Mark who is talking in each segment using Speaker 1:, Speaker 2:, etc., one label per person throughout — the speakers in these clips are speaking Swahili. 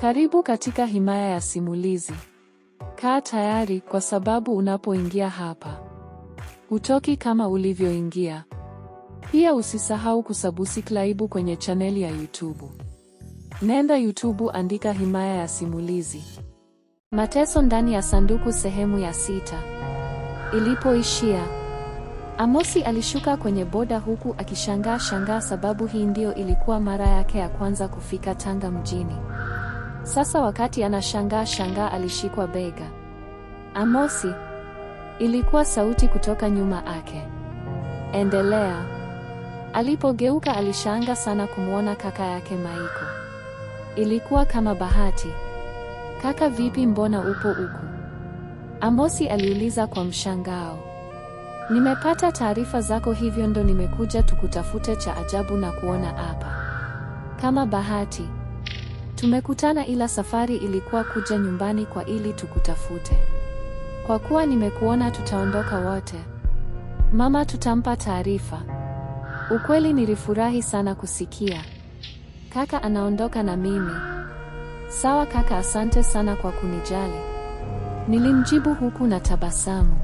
Speaker 1: Karibu katika himaya ya simulizi. Kaa tayari kwa sababu unapoingia hapa hutoki kama ulivyoingia. Pia usisahau kusabusi klaibu kwenye chaneli ya YouTube. Nenda YouTube, andika himaya ya simulizi. Mateso ndani ya sanduku sehemu ya sita. Ilipoishia, Amosi alishuka kwenye boda huku akishangaa shangaa sababu hii ndiyo ilikuwa mara yake ya kwanza kufika Tanga mjini. Sasa wakati anashangaa shangaa alishikwa bega. Amosi, ilikuwa sauti kutoka nyuma ake. Endelea. Alipogeuka alishanga sana kumwona kaka yake Maiko. Ilikuwa kama bahati. Kaka vipi, mbona upo huku? Amosi aliuliza kwa mshangao. Nimepata taarifa zako, hivyo ndo nimekuja tukutafute cha ajabu na kuona hapa. Kama bahati. Tumekutana ila safari ilikuwa kuja nyumbani kwa ili tukutafute. Kwa kuwa nimekuona tutaondoka wote. Mama tutampa taarifa. Ukweli nilifurahi sana kusikia. Kaka anaondoka na mimi. Sawa kaka, asante sana kwa kunijali. Nilimjibu huku na tabasamu.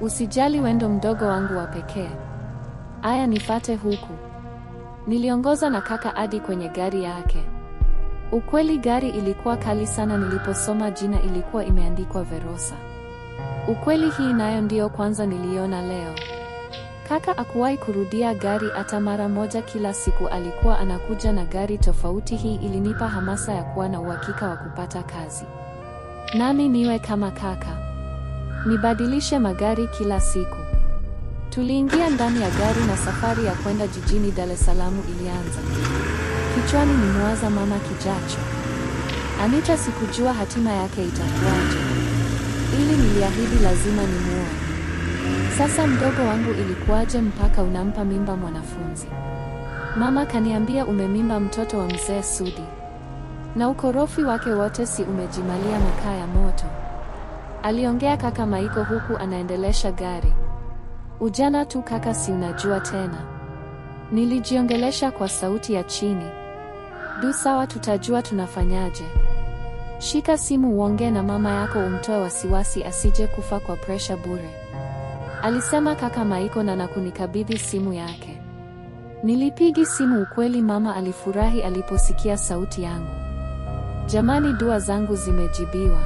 Speaker 1: Usijali wendo mdogo wangu wa pekee. Aya, nifate huku. Niliongoza na kaka hadi kwenye gari yake. Ukweli gari ilikuwa kali sana niliposoma jina ilikuwa imeandikwa Verosa. Ukweli hii nayo ndiyo kwanza niliona leo. Kaka akuwahi kurudia gari hata mara moja, kila siku alikuwa anakuja na gari tofauti. Hii ilinipa hamasa ya kuwa na uhakika wa kupata kazi, nami niwe kama kaka, nibadilishe magari kila siku. Tuliingia ndani ya gari na safari ya kwenda jijini Dar es Salaam ilianza. Kichwani nimwaza mama kijacho. Anita, sikujua hatima yake itakuwaje, ili niliahidi lazima nimuoe. Sasa mdogo wangu, ilikuwaje mpaka unampa mimba mwanafunzi? Mama kaniambia umemimba mtoto wa mzee Sudi, na ukorofi wake wote si umejimalia makaa ya moto, aliongea kaka Maiko huku anaendelesha gari. Ujana tu kaka, si unajua tena, nilijiongelesha kwa sauti ya chini. Du, sawa, tutajua tunafanyaje. Shika simu uongee na mama yako, umtoe wasiwasi asije kufa kwa presha bure, alisema kaka Maiko na nakunikabidhi simu yake. Nilipigi simu, ukweli mama alifurahi aliposikia sauti yangu. Jamani, dua zangu zimejibiwa.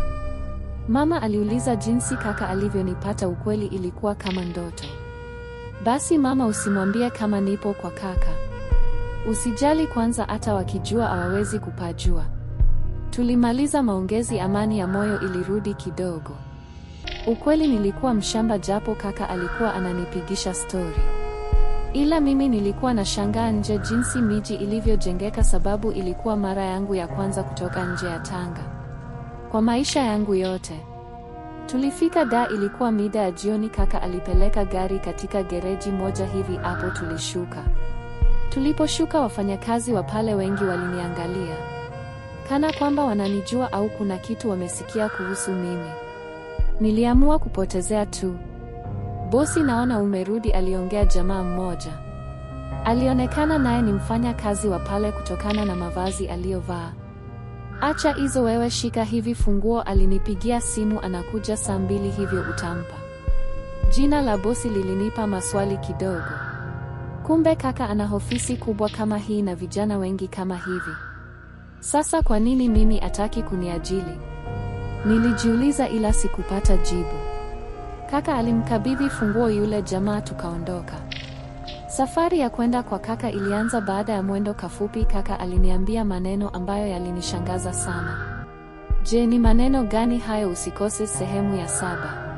Speaker 1: Mama aliuliza jinsi kaka alivyonipata, ukweli ilikuwa kama ndoto. Basi mama, usimwambie kama nipo kwa kaka. Usijali kwanza hata wakijua hawawezi kupajua. Tulimaliza maongezi, amani ya moyo ilirudi kidogo. Ukweli nilikuwa mshamba japo kaka alikuwa ananipigisha stori. Ila mimi nilikuwa na shangaa nje jinsi miji ilivyojengeka sababu ilikuwa mara yangu ya kwanza kutoka nje ya Tanga. Kwa maisha yangu yote. Tulifika da, ilikuwa mida ya jioni. Kaka alipeleka gari katika gereji moja hivi, hapo tulishuka. Tuliposhuka wafanyakazi wa pale wengi waliniangalia kana kwamba wananijua au kuna kitu wamesikia kuhusu mimi. Niliamua kupotezea tu. Bosi, naona umerudi, aliongea jamaa mmoja. Alionekana naye ni mfanya kazi wa pale kutokana na mavazi aliyovaa. Acha hizo wewe, shika hivi funguo. Alinipigia simu, anakuja saa mbili hivyo utampa. Jina la bosi lilinipa maswali kidogo. Kumbe kaka ana ofisi kubwa kama hii na vijana wengi kama hivi. Sasa kwa nini mimi ataki kuniajili? Nilijiuliza ila sikupata jibu. Kaka alimkabidhi funguo yule jamaa tukaondoka. Safari ya kwenda kwa kaka ilianza baada ya mwendo kafupi kaka aliniambia maneno ambayo yalinishangaza sana. Je, ni maneno gani hayo? Usikose sehemu ya saba.